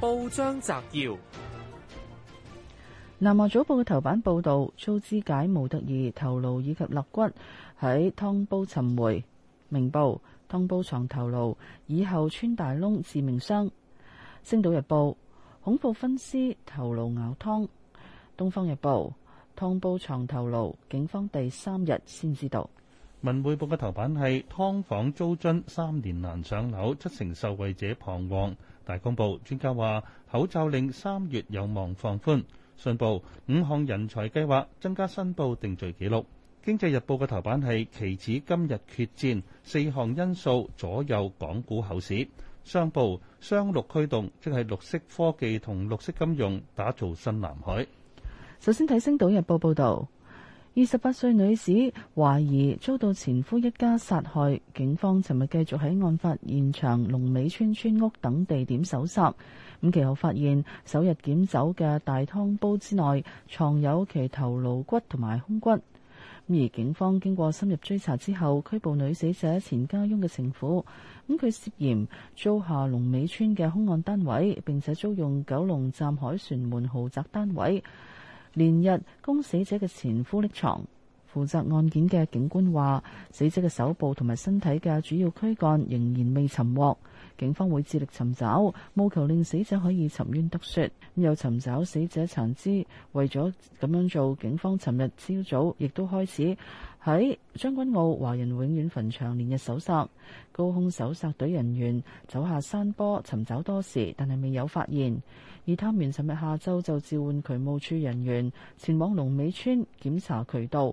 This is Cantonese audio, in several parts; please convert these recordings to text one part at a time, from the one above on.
報章摘要，《南華早報》嘅頭版報道，粗肢解模特兒頭顱以及肋骨喺湯煲尋回，《明報》湯煲藏頭顱，以後穿大窿致命傷，《星島日報》恐怖分屍頭顱熬湯，《東方日報》湯煲藏頭顱，警方第三日先知道。文匯報嘅頭版係：劏房租津三年難上樓，七成受惠者彷徨。大公報專家話：口罩令三月有望放寬。信報五項人才計劃增加申報定罪記錄。經濟日報嘅頭版係：期指今日決戰，四項因素左右港股後市。商報雙綠驅動，即係綠色科技同綠色金融打造新藍海。首先睇《星島日報》報道。二十八歲女子懷疑遭到前夫一家殺害，警方尋日繼續喺案發現場龍尾村村屋等地點搜查。咁，其後發現首日撿走嘅大湯煲之內藏有其頭顱骨同埋胸骨。而警方經過深入追查之後，拘捕女死者前家翁嘅情婦。咁佢涉嫌租下龍尾村嘅兇案單位，並且租用九龍站凱旋門豪宅單位。連日供死者嘅前夫匿藏。負責案件嘅警官話：死者嘅手部同埋身體嘅主要軀幹仍然未尋獲，警方會致力尋找，務求令死者可以沉冤得雪。又尋找死者殘肢，為咗咁樣做，警方尋日朝早亦都開始喺將軍澳華人永遠墳場連日搜索。高空搜索隊人員走下山坡尋找多時，但係未有發現。而探員尋日下晝就召喚渠務處人員前往龍尾村檢查渠道。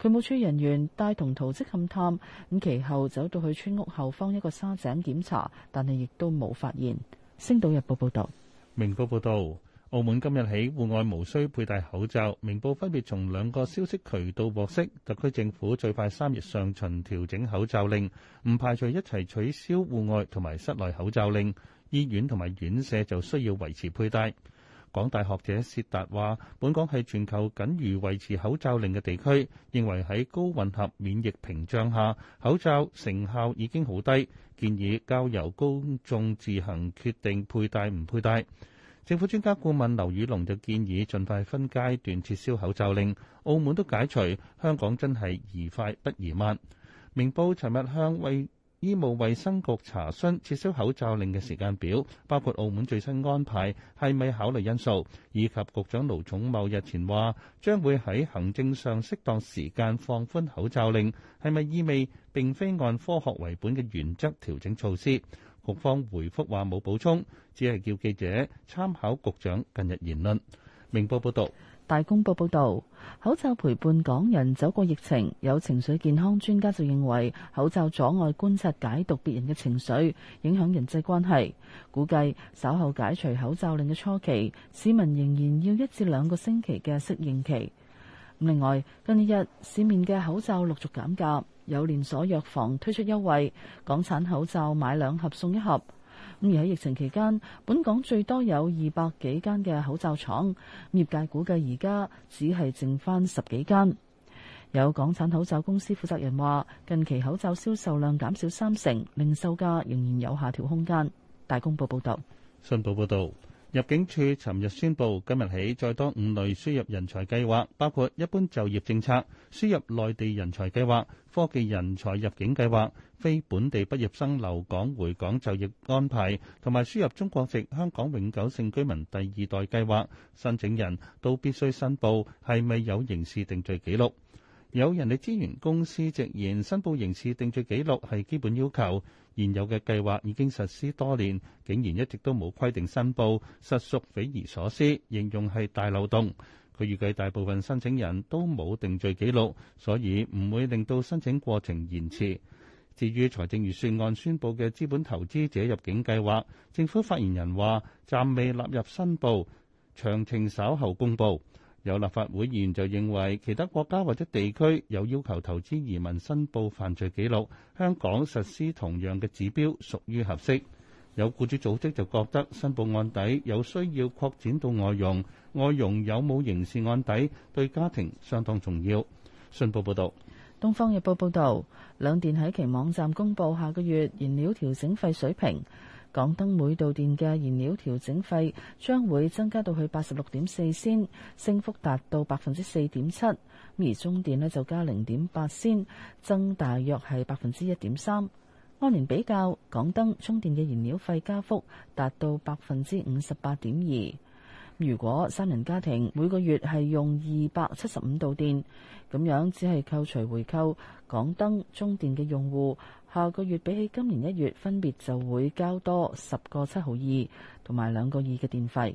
渠務處人員帶同圖跡勘探，咁其後走到去村屋後方一個沙井檢查，但係亦都冇發現。星島日報報道：「明報報道，澳門今日起戶外無需佩戴口罩。明報分別從兩個消息渠道獲悉，特區政府最快三月上旬調整口罩令，唔排除一齊取消戶外同埋室內口罩令，醫院同埋院舍就需要維持佩戴。港大學者薛達話：本港係全球僅餘維持口罩令嘅地區，認為喺高混合免疫屏障下，口罩成效已經好低，建議交由公眾自行決定佩戴唔佩戴。政府專家顧問劉宇龍就建議盡快分階段撤銷口罩令，澳門都解除，香港真係宜快不宜慢。明報尋日向為醫務衛生局查詢撤銷口罩令嘅時間表，包括澳門最新安排係咪考慮因素，以及局長盧寵茂日前話將會喺行政上適當時間放寬口罩令，係咪意味並非按科學為本嘅原則調整措施？局方回覆話冇補充，只係叫記者參考局長近日言論。明報報道。大公報報導，口罩陪伴港人走過疫情，有情緒健康專家就認為口罩阻礙觀察、解讀別人嘅情緒，影響人際關係。估計稍後解除口罩令嘅初期，市民仍然要一至兩個星期嘅適應期。另外，近日市面嘅口罩陸續減價，有連鎖藥房推出優惠，港產口罩買兩盒送一盒。咁而喺疫情期間，本港最多有二百幾間嘅口罩廠，咁業界估計而家只係剩翻十幾間。有港產口罩公司負責人話，近期口罩銷售量減少三成，零售價仍然有下調空間。大公報報道。新報報導。入境處尋日宣布，今日起再多五類輸入人才計劃，包括一般就業政策、輸入內地人才計劃、科技人才入境計劃、非本地畢業生留港回港就業安排，同埋輸入中國籍香港永久性居民第二代計劃，申請人都必須申報，係咪有刑事定罪記錄。有人力資源公司直言，申報刑事定罪記錄係基本要求，現有嘅計劃已經實施多年，竟然一直都冇規定申報，實屬匪夷所思，形容係大漏洞。佢預計大部分申請人都冇定罪記錄，所以唔會令到申請過程延遲。至於財政預算案宣佈嘅資本投資者入境計劃，政府發言人話暫未納入申報，詳情稍後公布。有立法會議員就認為，其他國家或者地區有要求投資移民申報犯罪記錄，香港實施同樣嘅指標屬於合適。有雇主組織就覺得申報案底有需要擴展到外傭，外傭有冇刑事案底對家庭相當重要。信報報道，《東方日報》報道，兩電喺其網站公佈下個月燃料調整費水平。港燈每度電嘅燃料調整費將會增加到去八十六點四仙，升幅達到百分之四點七。而中電呢，就加零點八仙，增大約係百分之一點三。按年比較，港燈充電嘅燃料費加幅達到百分之五十八點二。如果三人家庭每個月係用二百七十五度電，咁樣只係扣除回扣，港燈、中電嘅用戶下個月比起今年一月分別就會交多十個七毫二同埋兩個二嘅電費。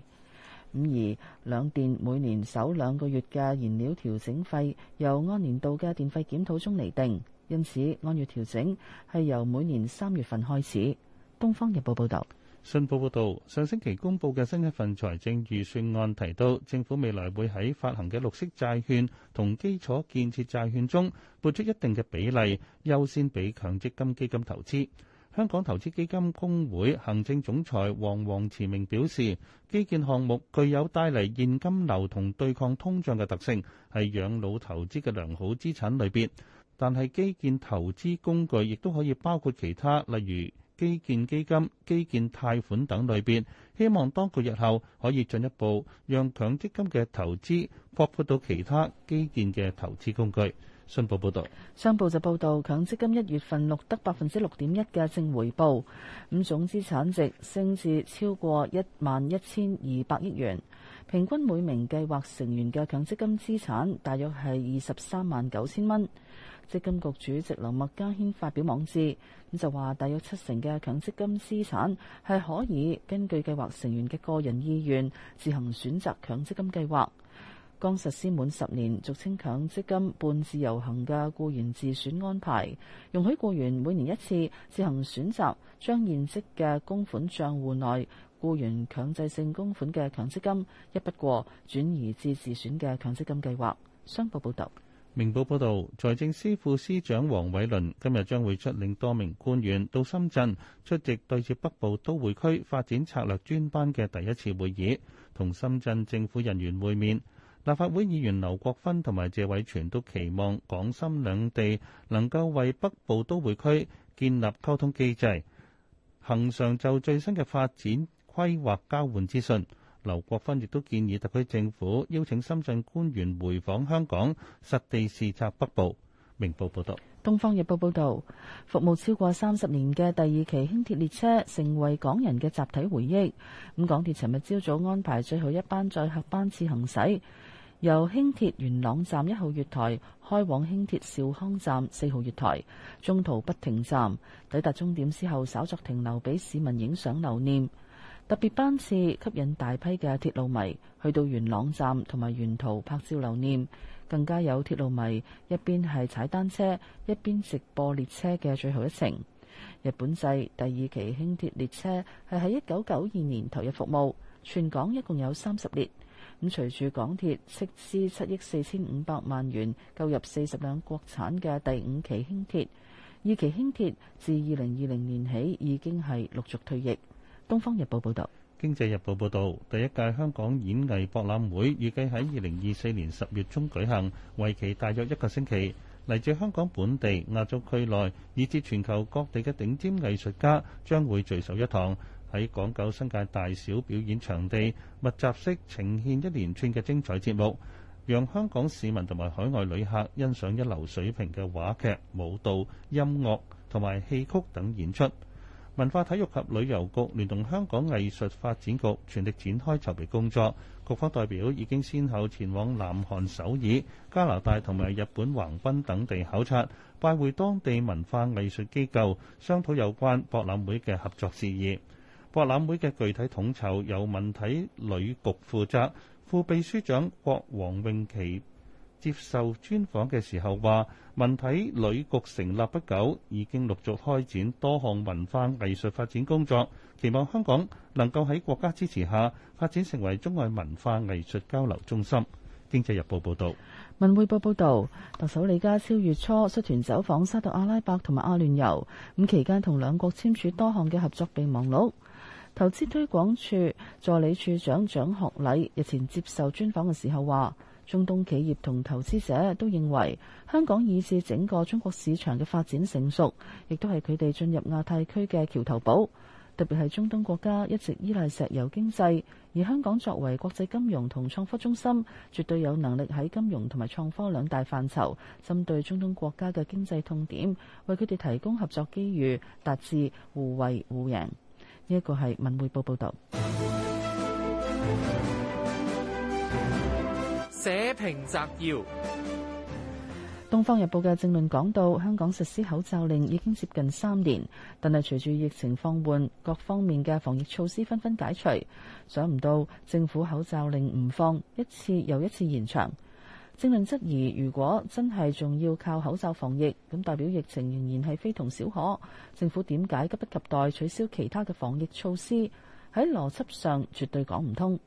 咁而兩電每年首兩個月嘅燃料調整費由按年度嘅電費檢討中嚟定，因此按月調整係由每年三月份開始。《東方日報》報導。信報報道，上星期公佈嘅新一份財政預算案提到，政府未來會喺發行嘅綠色債券同基礎建設債券中撥出一定嘅比例，優先俾強積金基金投資。香港投資基金公會行政總裁黃黃慈明表示，基建項目具有帶嚟現金流同對抗通脹嘅特性，係養老投資嘅良好資產類別。但係基建投資工具亦都可以包括其他，例如，基建基金、基建貸款等類別，希望當局日後可以進一步讓強積金嘅投資擴闊到其他基建嘅投資工具。商報報道，商報就報道，強積金一月份錄得百分之六點一嘅正回報，咁總資產值升至超過一萬一千二百億元，平均每名計劃成員嘅強積金資產大約係二十三萬九千蚊。積金局主席劉麥嘉軒發表網誌，咁就話大約七成嘅強積金資產係可以根據計劃成員嘅個人意願自行選擇強積金計劃。剛實施滿十年，俗稱強積金半自由行嘅雇員自選安排，容許雇員每年一次自行選擇將現職嘅供款賬戶內雇員強制性供款嘅強積金一筆過轉移至自選嘅強積金計劃。商報報道明報報道，財政司副司長黃偉綸今日將會率領多名官員到深圳出席對接北部都會區發展策略專班嘅第一次會議，同深圳政府人員會面。立法會議員劉國勳同埋謝偉全都期望港深兩地能夠為北部都會區建立溝通機制，恒常就最新嘅發展規劃交換資訊。劉國勳亦都建議特區政府邀請深圳官員回訪香港，實地視察北部。明報報道，《東方日報》報道，服務超過三十年嘅第二期輕鐵列車成為港人嘅集體回憶。咁港鐵尋日朝早安排最後一班載客班次行駛。由輕鐵元朗站一號月台開往輕鐵少康站四號月台，中途不停站，抵達終點之後稍作停留，俾市民影相留念。特別班次吸引大批嘅鐵路迷去到元朗站同埋沿途拍照留念，更加有鐵路迷一邊係踩單車，一邊直播列車嘅最後一程。日本製第二期輕鐵列車係喺一九九二年投入服務，全港一共有三十列。咁隨住港鐵斥資七億四千五百萬元購入四十輛國產嘅第五期輕鐵，二期輕鐵自二零二零年起已經係陸續退役。《東方日報》報導，《經濟日報》報導，第一屆香港演藝博覽會預計喺二零二四年十月中舉行，為期大約一個星期。嚟自香港本地、亞洲區內以至全球各地嘅頂尖藝術家將會聚首一堂。喺港九新界大小表演場地，密集式呈現一連串嘅精彩節目，讓香港市民同埋海外旅客欣賞一流水平嘅話劇、舞蹈、音樂同埋戲曲等演出。文化體育及旅遊局聯同香港藝術發展局全力展開籌備工作，局方代表已經先後前往南韓首爾、加拿大同埋日本橫濱等地考察，拜會當地文化藝術機構商討有關博覽會嘅合作事宜。攤會嘅具體統籌由文體旅局負責。副秘書長郭王永琪接受專訪嘅時候話，文體旅局成立不久，已經陸續開展多項文化藝術發展工作，期望香港能夠喺國家支持下發展成為中外文化藝術交流中心。經濟日報報道，文匯報報道，特首李家超月初率團走訪沙特阿拉伯同埋阿聯酋，咁期間同兩國簽署多項嘅合作備忘錄。投資推廣處助理處長蔣學禮日前接受專訪嘅時候話，中東企業同投資者都認為香港以至整個中國市場嘅發展成熟，亦都係佢哋進入亞太區嘅橋頭堡。特別係中東國家一直依賴石油經濟，而香港作為國際金融同創科中心，絕對有能力喺金融同埋創科兩大範疇，針對中東國家嘅經濟痛點，為佢哋提供合作機遇，達至互惠互贏。呢一個係文匯報報道，社評摘要。東方日報嘅政論講到，香港實施口罩令已經接近三年，但係隨住疫情放緩，各方面嘅防疫措施紛紛解除，想唔到政府口罩令唔放，一次又一次延長。政論質疑：如果真係仲要靠口罩防疫，咁代表疫情仍然係非同小可。政府點解急不及待取消其他嘅防疫措施？喺邏輯上絕對講唔通。《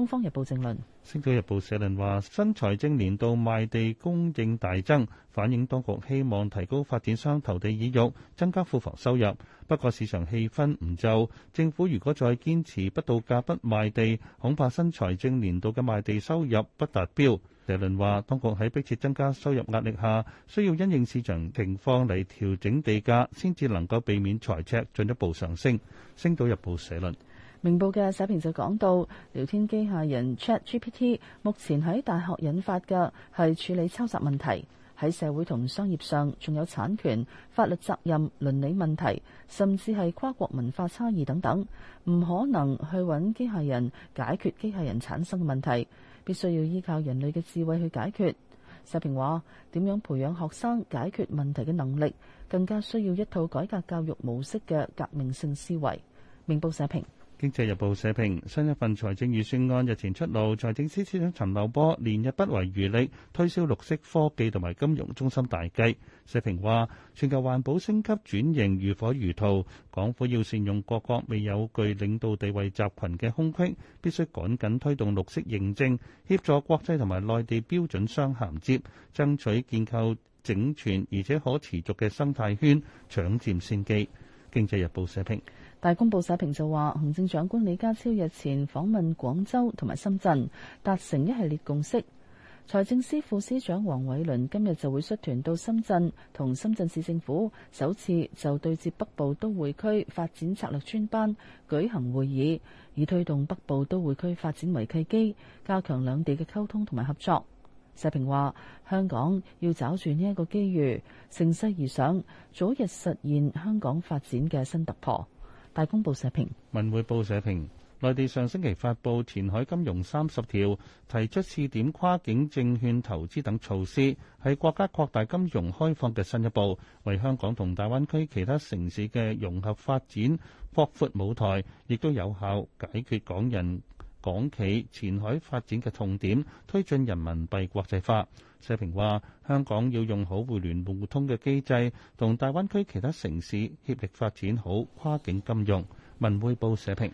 東方日報》政論。《星島日報》社論話：新財政年度賣地供應大增，反映當局希望提高發展商投地意欲，增加庫房收入。不過市場氣氛唔就，政府如果再堅持不到價不賣地，恐怕新財政年度嘅賣地收入不達標。社論話，當局喺迫切增加收入壓力下，需要因應市場情況嚟調整地價，先至能夠避免財赤進一步上升。星島日報社論。明報嘅社評就講到，聊天機械人 Chat GPT 目前喺大學引發嘅係處理抄襲問題，喺社會同商業上仲有產權、法律責任、倫理問題，甚至係跨國文化差異等等，唔可能去揾機械人解決機械人產生嘅問題。必須要依靠人類嘅智慧去解決。社評話：點樣培養學生解決問題嘅能力，更加需要一套改革教育模式嘅革命性思維。明報社評。《經濟日報》社評：新一份財政預算案日前出爐，財政司司長陳茂波連日不遺餘力推銷綠色科技同埋金融中心大計。社評話：全球環保升級轉型如火如荼，港府要善用各國未有具領導地位集羣嘅空隙，必須趕緊推動綠色認證，協助國際同埋內地標準相銜接，爭取建構整全而且可持續嘅生態圈，搶佔先機。《經濟日報》社評。大公報社評就話，行政長官李家超日前訪問廣州同埋深圳，達成一系列共識。財政司副司長黃偉綸今日就會率團到深圳，同深圳市政府首次就對接北部都會區發展策略專班舉行會議，以推動北部都會區發展為契機，加強兩地嘅溝通同埋合作。社評話，香港要抓住呢一個機遇，乘勢而上，早日實現香港發展嘅新突破。大公報社評、文匯報社評，內地上星期發布《前海金融三十條》，提出試點跨境證券投資等措施，係國家擴大金融開放嘅新一步，為香港同大灣區其他城市嘅融合發展擴闊舞台，亦都有效解決港人、港企前海發展嘅痛點，推進人民幣國際化。社評話，香港要用好互聯互通嘅機制，同大灣區其他城市協力發展好跨境金融。文匯報社評。